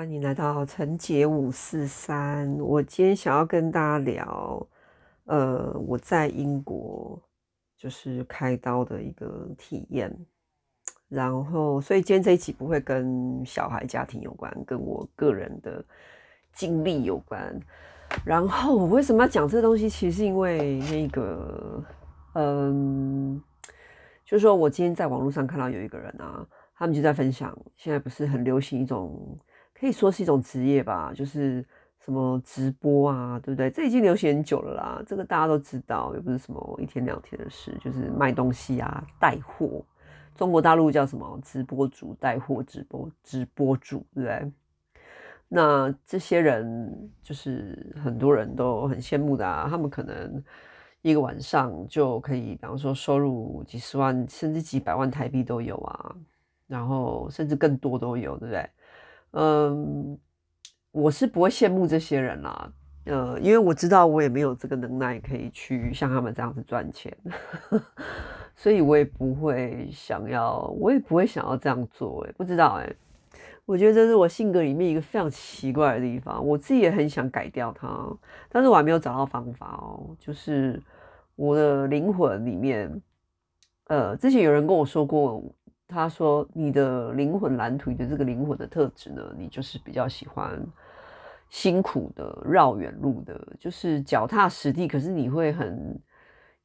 歡迎來到陳杰五四三。我今天想要跟大家聊，呃，我在英國就是開刀的一個體驗。然後，所以今天這一期不會跟小孩、家庭有關，跟我個人的經歷有關。然後，我為什麼要講這東西？其實是因為那個，嗯，就是說我今天在網絡上看到有一個人啊，他們就在分享，現在不是很流行一種。可以說是一種職業吧，就是什麼直播啊，對不對？這已經流行很久了啦，這個大家都知道，也不是什麼一天兩天的事，就是賣東西啊，帶貨。中國大陸叫什麼？直播主，帶貨直播，直播主，對不對？那這些人就是很多人都很羨慕的啊，他們可能一個晚上就可以，比方說收入幾十萬，甚至幾百萬台幣都有啊，然後甚至更多都有，對不對？嗯，我是不會羨慕這些人啦。呃、嗯，因為我知道我也沒有這個能耐可以去像他們這樣子賺錢呵呵，所以我也不會想要，我也不會想要這樣做，欸。哎，不知道哎，欸，我覺得這是我性格裡面一個非常奇怪的地方。我自己也很想改掉它，但是我還沒有找到方法哦，喔。就是我的靈魂裡面，呃、嗯，之前有人跟我說過。他說：“你的靈魂藍圖，你的這個靈魂的特質呢？你就是比較喜歡辛苦的繞遠路的，就是腳踏實地。可是你會很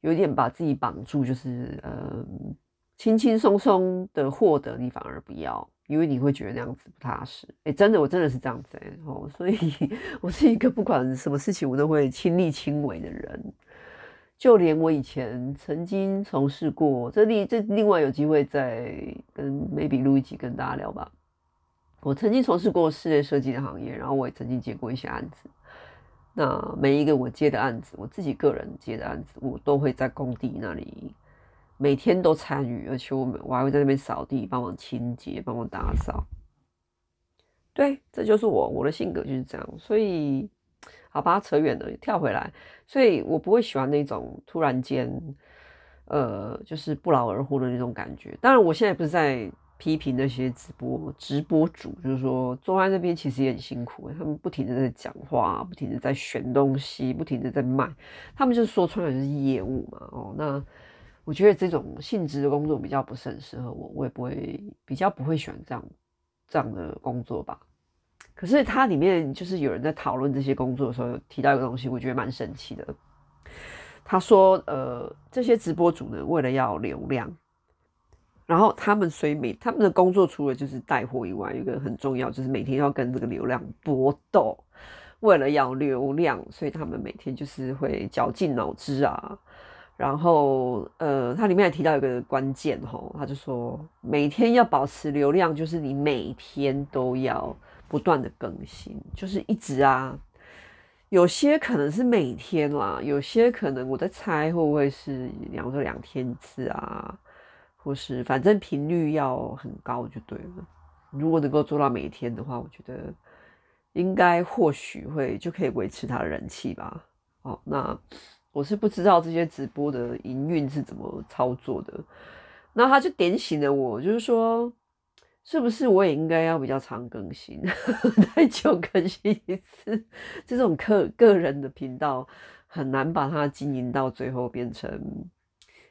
有點把自己綁住，就是嗯輕輕鬆鬆的獲得你反而不要，因為你會覺得那樣子不踏實。哎，真的，我真的是這樣子。哦，所以我是一個不管什麼事情我都會親力親為的人。”就連我以前曾經從事過這，另，這裡另外有機會再跟 Maybe 錄一集跟大家聊吧。我曾經從事過室內設計的行業，然後我也曾經接過一些案子。那每一個我接的案子，我自己個人接的案子，我都會在工地那裡每天都參與，而且我我還會在那邊掃地，幫忙清潔，幫忙打掃。對，這就是我我的性格就是這樣，所以。好，把它扯遠了，跳回來。所以我不會喜歡那種突然間，呃，就是不勞而獲的那種感覺。當然，我現在不是在批評那些直播直播主，就是說坐在那邊其實也很辛苦，欸，他們不停的在講話，不停的在選東西，不停的在賣。他們就是說穿了就是業務嘛，哦，那我覺得這種性質的工作比較不是很適合我，我也不會比較不會選這樣這樣的工作吧。可是它裡面就是有人在討論這些工作的時候，提到一個東西，我覺得蠻神奇的。他說：“呃，這些直播主呢，為了要流量，然後他們雖每他們的工作除了就是帶貨以外，有一個很重要就是每天要跟這個流量搏鬥。為了要流量，所以他們每天就是會絞盡腦汁啊。然後呃，他裡面還提到一個關鍵齁，他就說每天要保持流量，就是你每天都要。”不斷的更新，就是一直啊，有些可能是每天啦，有些可能我在猜會不會是兩個兩天一次啊，或是反正頻率要很高就對了。如果能夠做到每天的話，我覺得應該或許會就可以維持他的人氣吧。哦，那我是不知道這些直播的營運是怎麼操作的，那他就點醒了我，就是說。是不是我也應該要比較常更新，太 久更新一次，這種個個、個人的頻道很難把它經營到最後變成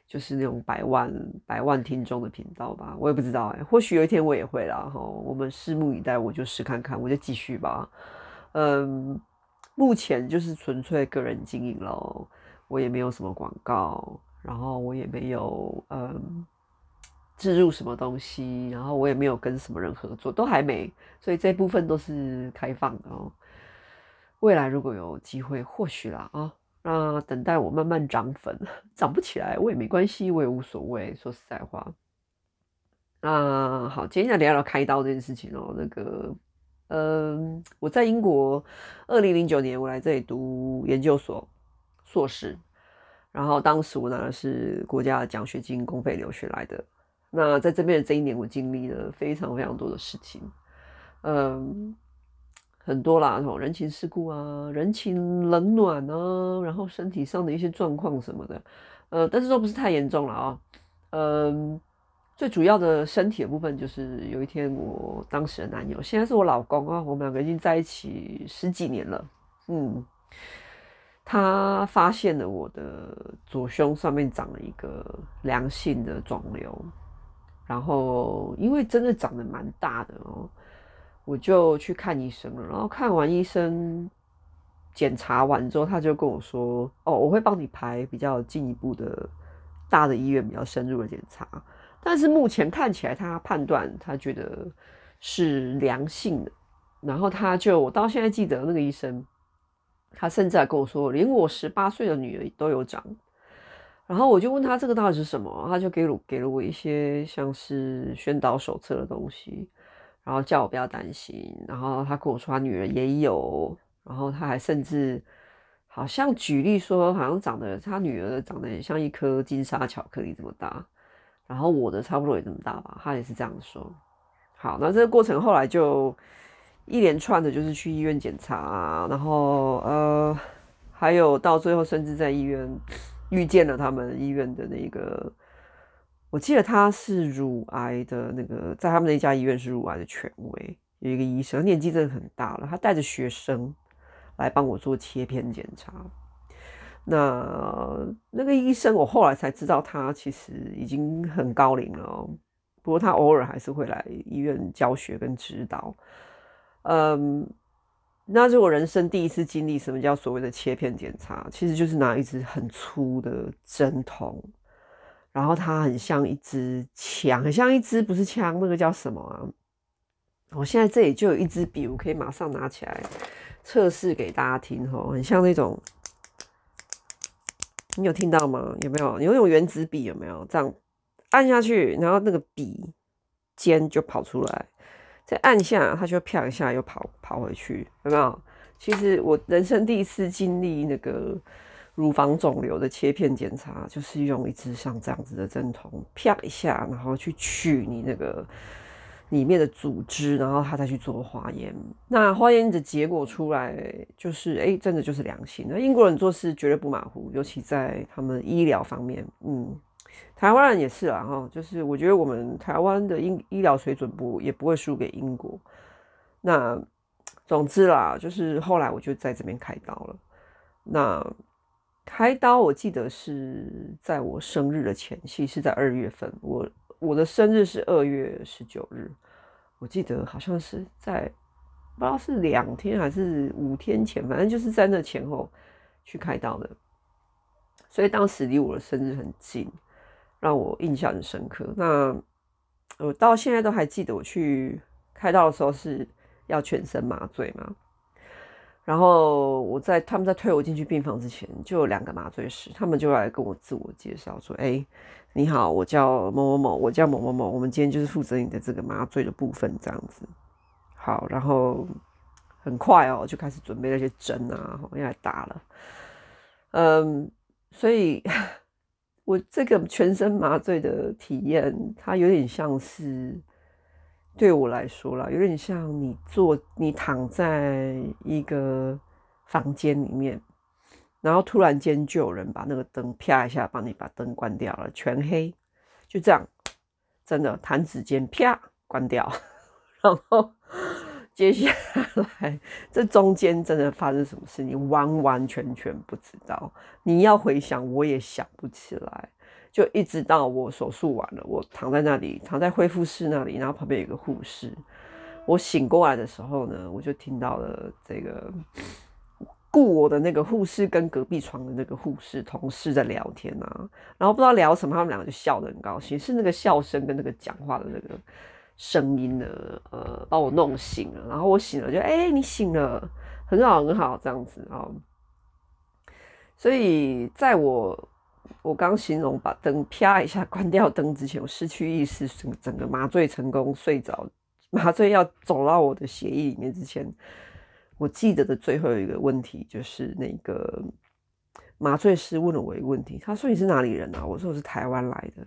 就是那種百萬百萬聽眾的頻道吧？我也不知道誒、欸、或許有一天我也會啦吼，我們拭目以待，我就試看看，我就繼續吧。嗯，目前就是純粹個人經營咯，我也沒有什麼廣告，然後我也沒有嗯。置入什麼東西，然後我也沒有跟什麼人合作，都還沒，所以這部分都是開放的哦。未來如果有機會，或許啦啊、哦，那等待我慢慢漲粉，漲不起來我也沒關係，我也無所謂。說實在話，啊好，接下來聊聊開刀這件事情哦。那個，嗯、呃，我在英國，二零零九年我來這裡讀研究所碩士，然後當時我拿的是國家獎學金公費留學來的。那在這邊的這一年，我經歷了非常非常多的事情，嗯，很多啦，什麼、哦、人情世故啊，人情冷暖啊，然後身體上的一些狀況什麼的，呃、嗯，但是都不是太嚴重了啊、哦，嗯，最主要的身體的部分就是有一天，我當時的男友，現在是我老公啊，我們兩個已經在一起十幾年了，嗯，他發現了我的左胸上面長了一個良性的腫瘤。然後，因為真的長得蠻大的哦，我就去看醫生了。然後看完醫生，檢查完之後，他就跟我說：“哦，我會幫你排比較進一步的大的醫院比較深入的檢查。但是目前看起來，他判斷他覺得是良性的。然後他就，我到現在記得那個醫生，他甚至還跟我說，連我十八歲的女兒都有長。”然後我就問他這個到底是什麼？啊，他就給魯給了我一些像是宣導手冊的東西，然後叫我不要擔心。然後他跟我說他女兒也有，然後他還甚至好像舉例說，好像長得他女兒長得也像一顆金沙巧克力這麼大，然後我的差不多也這麼大吧，他也是這樣說。好，那這個過程後來就一連串的就是去醫院檢查，啊，然後呃，還有到最後甚至在醫院，遇見了他們醫院的那個，我記得他是乳癌的那個，在他們那家醫院是乳癌的權威，有一個醫生，他年紀真的很大了。他帶着學生來幫我做切片檢查。那那個醫生，我後來才知道他其實已經很高齡了哦，不過他偶爾還是會來醫院教學跟指導。嗯。那是我人生第一次經歷，什麼叫所謂的切片檢查？其實就是拿一支很粗的針筒，然後它很像一支槍，很像一支不是槍，那個叫什麼啊？我、哦、現在這裡就有一支筆，我可以馬上拿起來測試給大家聽哦，很像那種，你有聽到嗎？有沒有？有那種原子筆有沒有？這樣按下去，然後那個筆尖就跑出來。再按下，它就啪一下又跑跑回去，有沒有？其實我人生第一次經歷那個乳房腫瘤的切片檢查，就是用一支像這樣子的針筒啪一下，然後去取你那個裡面的組織，然後他再去做化驗。那化驗的結果出來，就是哎、欸，真的就是良性。那英國人做事絕對不馬虎，尤其在他們醫療方面，嗯。台灣人也是啦，哈，就是我覺得我們台灣的醫醫療水準不也不會輸給英國。那總之啦，就是後來我就在這邊開刀了。那開刀我記得是在我生日的前夕，是在二月份。我我的生日是二月十九日，我記得好像是在不知道是兩天還是五天前，反正就是在那前後去開刀的。所以當時離我的生日很近。讓我印象很深刻。那我到現在都還記得，我去開刀的時候是要全身麻醉嘛。然後我在他們在推我進去病房之前，就有兩個麻醉師，他們就來跟我自我介紹說：“哎、欸，你好，我叫某某某，我叫某某某，我們今天就是負責你的這個麻醉的部分，這樣子。”好，然後很快哦、喔，就開始準備那些針啊，要來打了。嗯，所以。我這個全身麻醉的體驗，它有點像是，對我來說啦，有點像你坐，你躺在一個房間裡面，然後突然間就有人把那個燈啪一下幫你把燈關掉了，全黑，就這樣，真的彈指間啪關掉， 然後。接下來，這中間真的發生什麼事，你完完全全不知道。你要回想，我也想不起來。就一直到我手術完了，我躺在那裡，躺在恢復室那裡，然後旁邊有一個護士。我醒過來的時候呢，我就聽到了這個顧我的那個護士跟隔壁床的那個護士同事在聊天啊。然後不知道聊什麼，他們兩個就笑得很高興，是那個笑聲跟那個講話的那個。聲音呢？呃，把我弄醒了，然後我醒了，就誒、欸、你醒了，很好，很好，這樣子。哦，所以在我我剛形容把燈啪一下關掉燈之前，我失去意識，整個麻醉成功睡着，麻醉藥走到我的血液裡面之前，我記得的最後一個問題就是那個麻醉師問了我一個問題，他說你是哪裡人啊？我說我是台灣來的。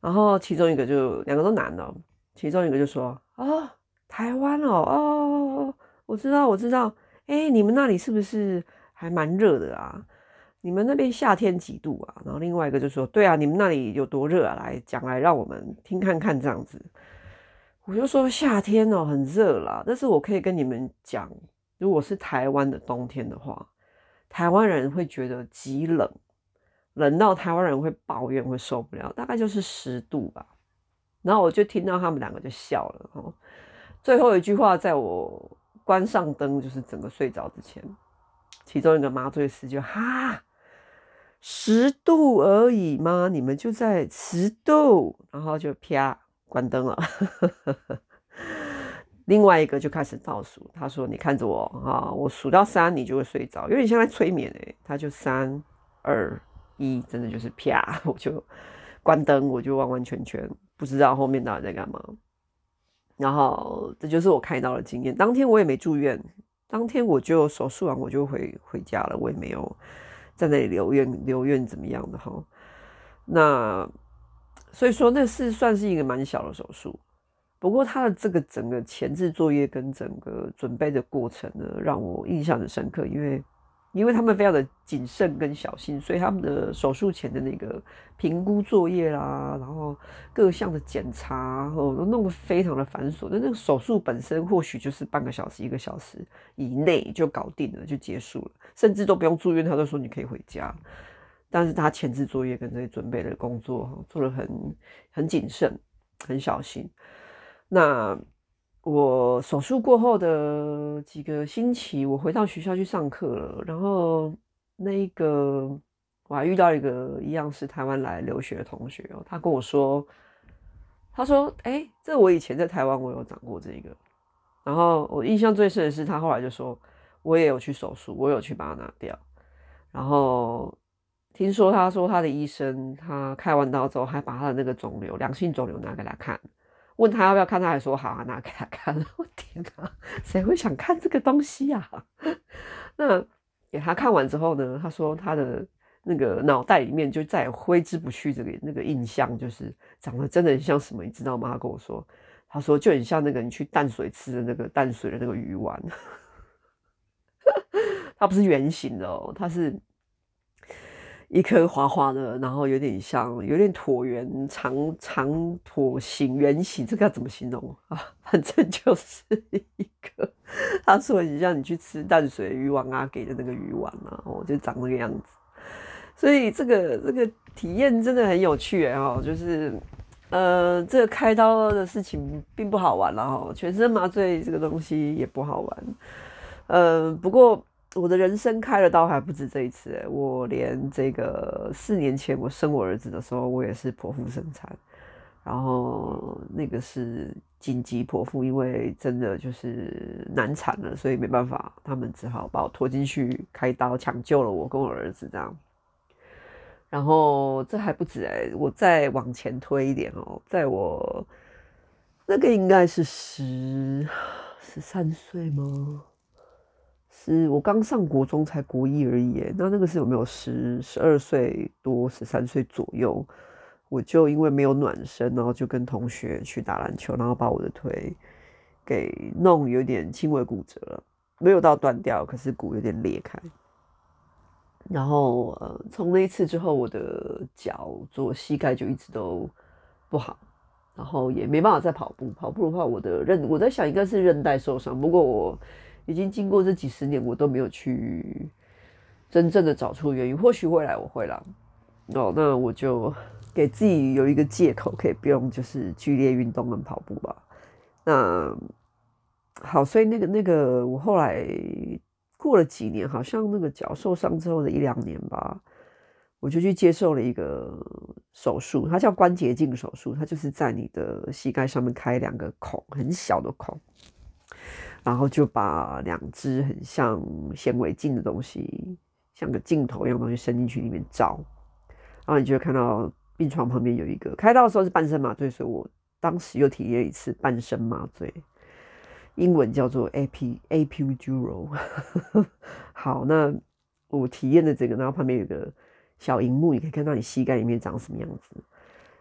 然後其中一個就兩個都男的、哦。其中一個就說：“哦，台灣哦，哦，我知道，我知道，誒，你們那裡是不是還蠻熱的啊？你們那邊夏天幾度啊？”然後另外一個就說：“對啊，你們那裡有多熱啊？來講來，讓我們聽看看這樣子。”我就說：“夏天哦，很熱啦，但是我可以跟你們講，如果是台灣的冬天的話，台灣人會覺得極冷，冷到台灣人會抱怨，會受不了，大概就是十度吧。”然後我就聽到他們兩個就笑了，最後一句話，在我關上燈，就是整個睡着之前，其中一個麻醉師就哈，十度而已嘛，你們就在十度，然後就啪關燈了。另外一個就開始倒數，他說：“你看着我啊，我數到三，你就會睡着，有點像在催眠哎。”他就三二一，真的就是啪，我就關燈，我就完完全全。不知道後面到底在幹嘛，然後，這就是我開刀的經驗。當天我也沒住院，當天我就手術完我就回回家了，我也沒有在那裡留院留院怎麼樣的哈。那所以說那是算是一個蠻小的手術，不過他的這個整個前置作業跟整個準備的過程呢，讓我印象很深刻，因為，因為他們非常的謹慎跟小心，所以他們的手術前的那個評估作業啦，然後各項的檢查，然後都弄得非常的繁瑣。但那個手術本身或許就是半個小時、一個小時以內就搞定了，就結束了，甚至都不用住院，他都說你可以回家。但是他前置作業跟這些準備的工作做得很很謹慎、很小心。那。我手術過後的幾個星期，我回到學校去上課了。然後，那個我還遇到一個一樣是台灣來留學的同學哦，他跟我說，他說：“哎、欸，這我以前在台灣我有長過這個。”然後我印象最深的是，他後來就說，我也有去手術，我有去把它拿掉。然後聽說他說，他的醫生他開完刀之後，還把他的那個腫瘤良性腫瘤拿給他看。問他要不要看，他還說好啊，拿給他看了。我天啊，誰會想看這個東西呀、啊？那給他看完之後呢？他說他的那個腦袋裡面就再也揮之不去這個那個印象，就是長得真的很像什麼？你知道嗎？他跟我說，他說就很像那個你去淡水吃的那個淡水的那個魚丸， 他不是圓形的哦，他是。一顆滑滑的，然後有點像有點橢圓長長橢形圓形，這個要怎麼形容啊？反正就是一個，他說你像你去吃淡水魚丸啊給的那個魚丸啊，哦，就長這個樣子。所以這個這個體驗真的很有趣、欸、哦，就是呃，這個開刀的事情並不好玩了哈、哦，全身麻醉這個東西也不好玩，呃，不過。我的人生開了刀還不止這一次，我連這個四年前我生我兒子的時候，我也是剖腹生產，然後那個是緊急剖腹，因為真的就是難產了，所以沒辦法，他們只好把我拖進去開刀搶救了我跟我兒子這樣。然後這還不止，我再往前推一點哦，在我那個應該是十十三歲嗎？是我剛上國中，才國一而已。那那個時候有沒有十十二歲多，十三歲左右，我就因為沒有暖身，然後就跟同學去打籃球，然後把我的腿給弄有點輕微骨折了，沒有到斷掉，可是骨有點裂開。然後呃，從那一次之後，我的腳左膝蓋就一直都不好，然後也沒辦法再跑步，跑步的話我的韌，我在想應該是韌帶受傷，不過我。已經經過這幾十年，我都沒有去真正的找出原因。或許未來我會了哦，oh, 那我就給自己有一個借口，可以不用就是劇烈運動跟跑步吧。那好，所以那個那個，我後來過了幾年，好像那個腳受傷之後的一兩年吧，我就去接受了一個手術，它叫關節鏡手術，它就是在你的膝蓋上面開兩個孔，很小的孔。然後就把兩隻很像纖維鏡的東西，像個鏡頭一樣的東西伸進去裡面照，然後你就會看到病床旁邊有一個。開刀的時候是半身麻醉，所以我當時又體驗一次半身麻醉，英文叫做 epidural。 好，那我體驗的這個，然後旁邊有個小螢幕，你可以看到你膝蓋裡面長什麼樣子。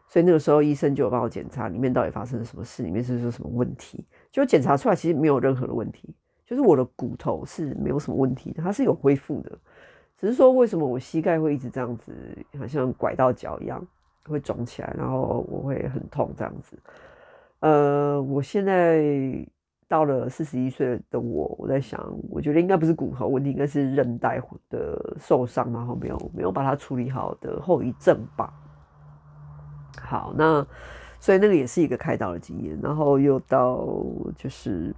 所以那個時候醫生就有幫我檢查裡面到底發生了什麼事，裡面是說什麼問題。就檢查出來，其實沒有任何的問題，就是我的骨頭是沒有什麼問題的，它是有恢復的，只是說為什麼我膝蓋會一直這樣子，好像拐到腳一樣，會腫起來，然後我會很痛這樣子。呃，我現在到了四十一歲的我，我在想，我覺得應該不是骨頭問題，應該是韌帶的受傷，然後沒有，沒有把它處理好的後遺症吧。好，那。所以那個也是一個開刀的經驗，然後又到就是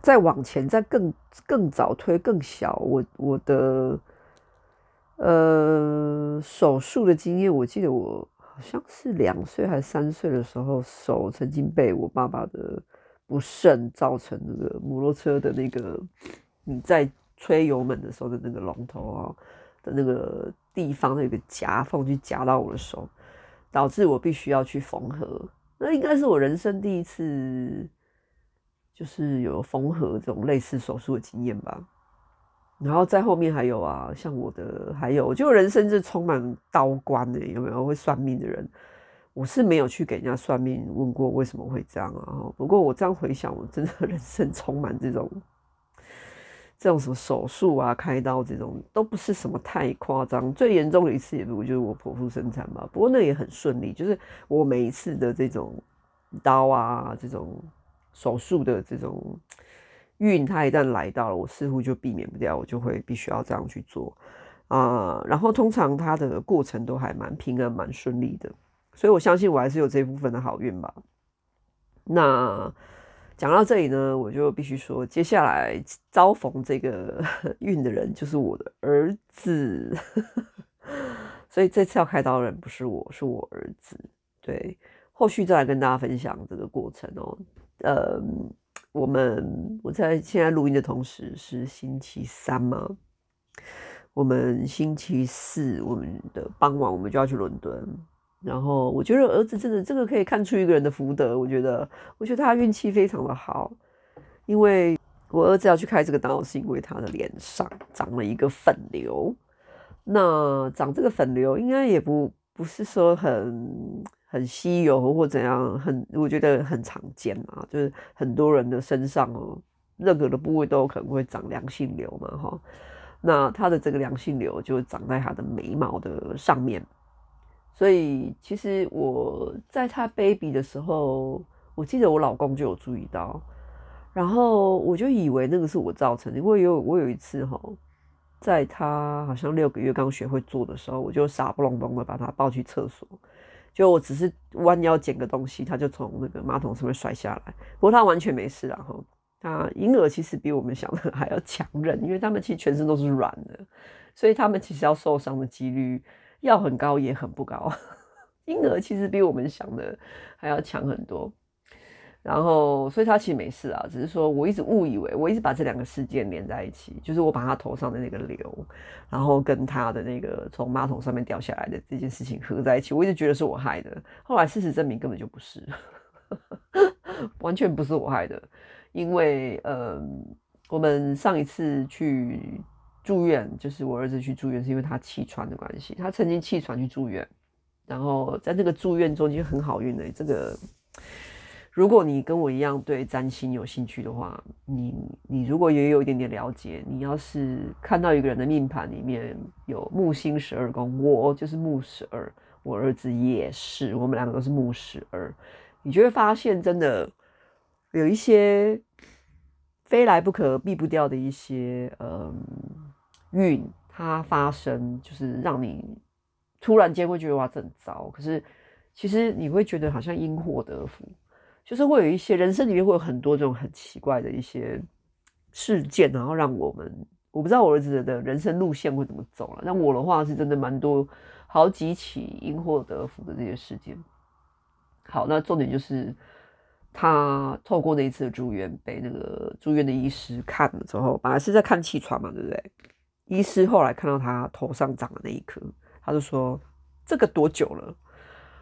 再往前再更更早推更小，我我的呃手術的經驗，我記得我好像是兩歲還是三歲的時候，手曾經被我爸爸的不慎造成那個摩托車的那個你在催油門的時候的那個龍頭啊的那個地方的一個夾縫，去夾到我的手。導致我必須要去縫合，那應該是我人生第一次，就是有縫合這種類似手術的經驗吧。然後在後面還有啊，像我的還有，就人生是充滿刀關的、欸，有沒有會算命的人？我是沒有去給人家算命，問過為什麼會這樣啊。不過我這樣回想，我真的人生充滿這種。這種什麼手術啊、開刀這種都不是什麼太誇張。最嚴重的一次，也不就是我剖腹生產嘛。不過那也很順利，就是我每一次的這種刀啊、這種手術的這種運，它一旦來到了，我似乎就避免不掉，我就會必須要這樣去做啊、呃。然後通常它的過程都還蠻平安、蠻順利的，所以我相信我還是有這一部分的好運吧。那。講到這裡呢，我就必須說，接下來遭逢這個運的人就是我的兒子， 所以這次要開刀的人不是我，是我兒子。對，後續再來跟大家分享這個過程哦。呃，我們我在現在錄音的同時是星期三嘛，我們星期四，我們的傍晚我們就要去倫敦。然後我覺得兒子真的這個可以看出一個人的福德，我覺得，我覺得他運氣非常的好，因為我兒子要去開這個刀，是因為他的臉上長了一個粉瘤，那長這個粉瘤應該也不不是說很很稀有或怎樣，很我覺得很常見啊，就是很多人的身上哦，任何的部位都可能會長良性瘤嘛，哈，那他的這個良性瘤就長在他的眉毛的上面。所以其實我在他 baby 的時候，我記得我老公就有注意到，然後我就以為那個是我造成的，因為我有我有一次哈、哦，在他好像六個月剛學會坐的時候，我就傻不隆咚的把他抱去廁所，就我只是彎腰撿個東西，他就從那個馬桶上面摔下來，不過他完全沒事了哈、哦。那嬰兒其實比我們想的還要強韌，因為他們其實全身都是軟的，所以他們其實要受傷的幾率。要很高也很不高， 嬰兒其實比我們想的還要強很多。然後，所以他其實沒事啊，只是說我一直誤以為，我一直把這兩個事件連在一起，就是我把他頭上的那個瘤，然後跟他的那個從馬桶上面掉下來的這件事情合在一起，我一直覺得是我害的。後來事實證明根本就不是， 完全不是我害的，因為嗯、呃，我們上一次去。住院就是我兒子去住院，是因為他氣喘的關係。他曾經氣喘去住院，然後在那個住院中間很好運的，欸。這個，如果你跟我一樣對占星有興趣的話，你你如果也有一點點了解，你要是看到一個人的命盤裡面有木星十二宮，我就是木十二，我兒子也是，我們兩個都是木十二，你就會發現真的有一些非來不可、避不掉的一些，嗯。運它發生就是讓你突然間會覺得哇，這很糟。可是其實你會覺得好像因禍得福，就是會有一些人生裡面會有很多這種很奇怪的一些事件，然後讓我們我不知道我兒子的人生路線會怎麼走了。那我的話是真的蠻多，好幾起因禍得福的這些事件。好，那重點就是他透過那一次的住院，被那個住院的醫師看了之後，本來是在看氣喘嘛，對不對？醫師後來看到他頭上長的那一顆，他就說：“這個多久了？”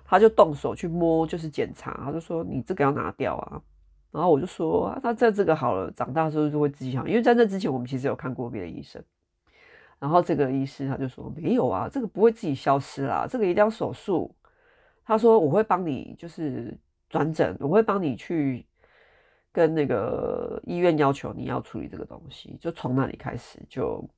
他就動手去摸，就是檢查。他就說：“你這個要拿掉啊！”然後我就說：“那在這個好了，長大之後就會自己想。”因為在這之前，我們其實有看過別的醫生。然後這個醫師他就說：“沒有啊，這個不會自己消失啦，這個一定要手術。”他說：“我會幫你，就是轉診，我會幫你去跟那個醫院要求你要處理這個東西。”就從那裡開始就。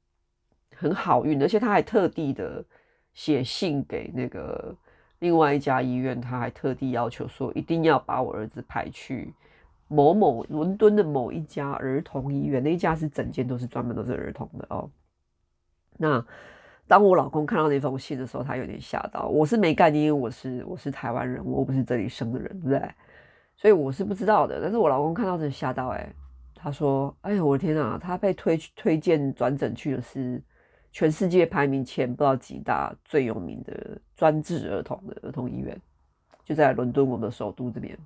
很好運，而且他還特地的寫信給那個另外一家醫院，他還特地要求說一定要把我兒子派去某某倫敦的某一家兒童醫院，那一家是整間都是專門都是兒童的哦、喔。那當我老公看到那封信的時候，他有點嚇到。我是沒概念，因為我是我是台灣人，我不是這裡生的人，對不對？所以我是不知道的。但是我老公看到這嚇到、欸，哎，他說：“哎呀，我的天吶、啊，他被推推薦轉診去的是。”全世界排名前不知道幾大最有名的專治兒童的兒童醫院，就在倫敦，我們的首都這邊，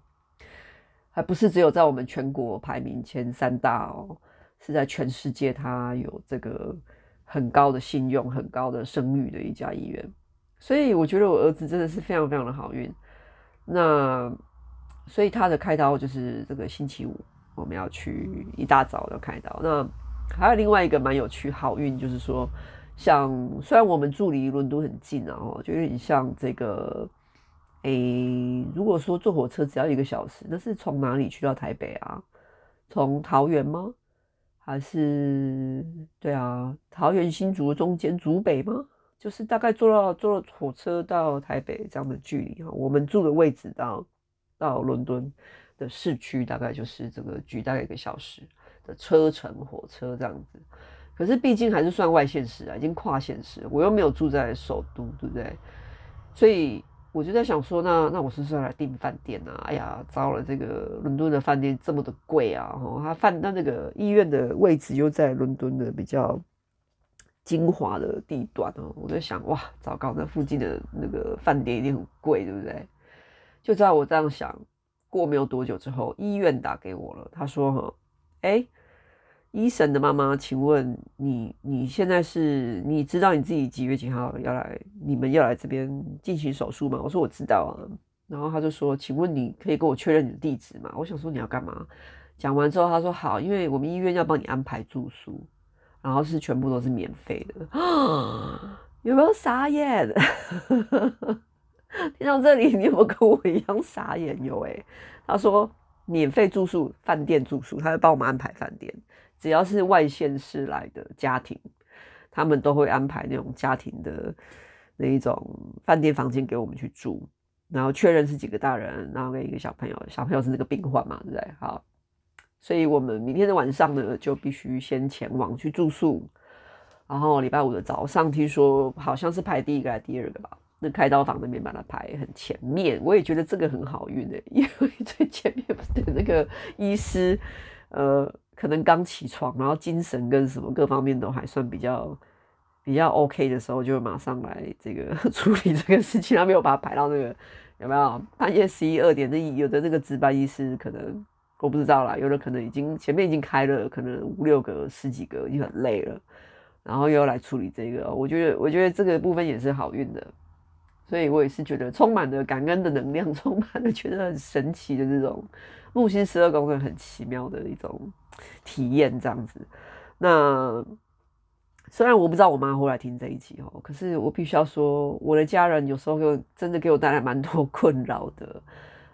還不是只有在我們全國排名前三大哦，是在全世界，它有這個很高的信用、很高的聲譽的一家醫院。所以我覺得我兒子真的是非常非常的好運。那所以他的開刀就是這個星期五，我們要去一大早就開刀。那還有另外一個蠻有趣好運，就是說。像雖然我們住離倫敦很近、喔，啊就有點像這個，誒、欸，如果說坐火車只要一個小時，那是從哪裡去到台北啊？從桃園嗎？還是對啊，桃園新竹中間竹北嗎？就是大概坐到坐到火車到台北這樣的距離哈、喔，我們住的位置到到倫敦的市區大概就是這個距大概一個小時的車程火車這樣子。可是畢竟還是算外縣市啊，已經跨縣市。我又沒有住在首都，對不對？所以我就在想說那，那那我是不是要來訂飯店啊？哎呀，糟了，這個倫敦的飯店這麼的貴啊！哦，他飯那那個醫院的位置又在倫敦的比較精華的地段哦。我在想，哇，糟糕，那附近的那個飯店一定很貴，對不對？就在我這樣想過沒有多久之後，醫院打給我了，他說：“哈、哦，哎。”醫生的媽媽，請問你，你現在是你知道你自己幾月幾號要來？你們要來這邊進行手術嗎？我說我知道啊，然後他就說，請問你可以跟我確認你的地址嗎？我想說，你要幹嘛？講完之後她，他說好，因為我們醫院要幫你安排住宿，然後是全部都是免費的，有沒有傻眼？ 聽到這裡，你有沒有跟我一樣傻眼？有誒、欸、他說免費住宿，飯店住宿，他會幫我們安排飯店。只要是外縣市來的家庭，他們都會安排那種家庭的那一種飯店房間給我們去住，然後確認是幾個大人，然後跟一個小朋友，小朋友是那個病患嘛，對不對？好，所以我們明天的晚上呢就必須先前往去住宿，然後禮拜五的早上聽說好像是排第一個還是第二個吧？那開刀房那邊把它排很前面，我也覺得這個很好運的、欸，因為最前面不是的那個醫師，呃。可能剛起床，然後精神跟什麼各方面都還算比較比較 OK 的時候，就馬上來這個處理這個事情。他沒有把它排到那個有沒有半夜十一二點？那有的那個值班醫師可能我不知道啦，有的可能已經前面已經開了，可能五六個、十幾個已經很累了，然後又要來處理這個。我覺得我覺得這個部分也是好運的。所以我也是覺得充滿了感恩的能量，充滿了覺得很神奇的這種木星十二宮的很奇妙的一種體驗，這樣子。那雖然我不知道我媽後來聽這一集哦，可是我必須要說，我的家人有時候真的給我帶來蠻多困擾的。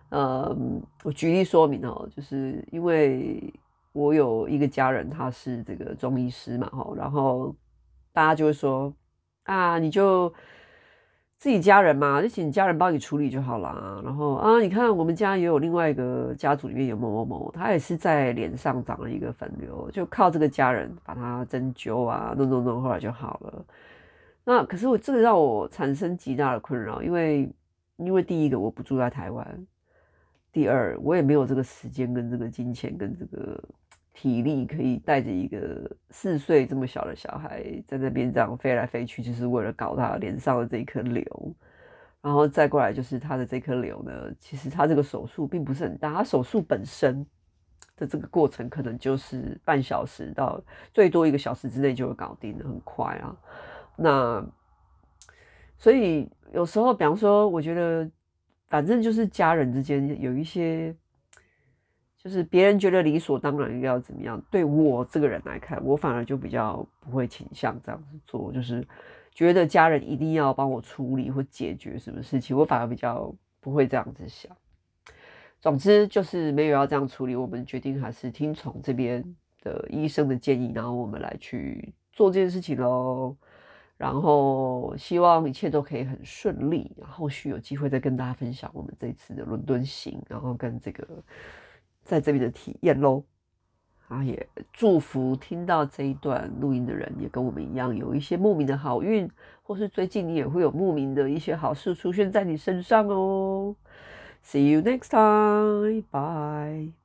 呃、嗯，我舉例說明哦，就是因為我有一個家人他是這個中醫師嘛，然後大家就會說啊，你就。自己家人嘛，就請家人幫你處理就好了。然後啊，你看我們家也有另外一個家族，裡面有某某某，他也是在臉上長了一個粉瘤，就靠這個家人把他針灸啊，弄弄弄，後來就好了。那可是我這個讓我產生極大的困擾，因為因為第一個我不住在台灣，第二我也沒有這個時間跟這個金錢跟這個。體力可以帶着一個四歲這麼小的小孩在那邊這樣飛來飛去，就是為了搞他臉上的這一顆瘤，然後再過來就是他的這顆瘤呢。其實他這個手術並不是很大，他手術本身的這個過程可能就是半小時到最多一個小時之內就會搞定的，很快啊。那所以有時候，比方說，我覺得反正就是家人之間有一些。就是別人覺得理所當然要怎麼樣，對我這個人來看，我反而就比較不會傾向這樣子做。就是覺得家人一定要幫我處理或解決什麼事情，我反而比較不會這樣子想。總之就是沒有要這樣處理，我們決定還是聽從這邊的醫生的建議，然後我們來去做這件事情嘍。然後希望一切都可以很順利，然後後續有機會再跟大家分享我們這次的倫敦行，然後跟這個。在這邊的體驗嘍，啊，也祝福聽到這一段錄音的人，也跟我們一樣，有一些莫名的好運，或是最近你也會有莫名的一些好事出現在你身上哦。See you next time，bye bye。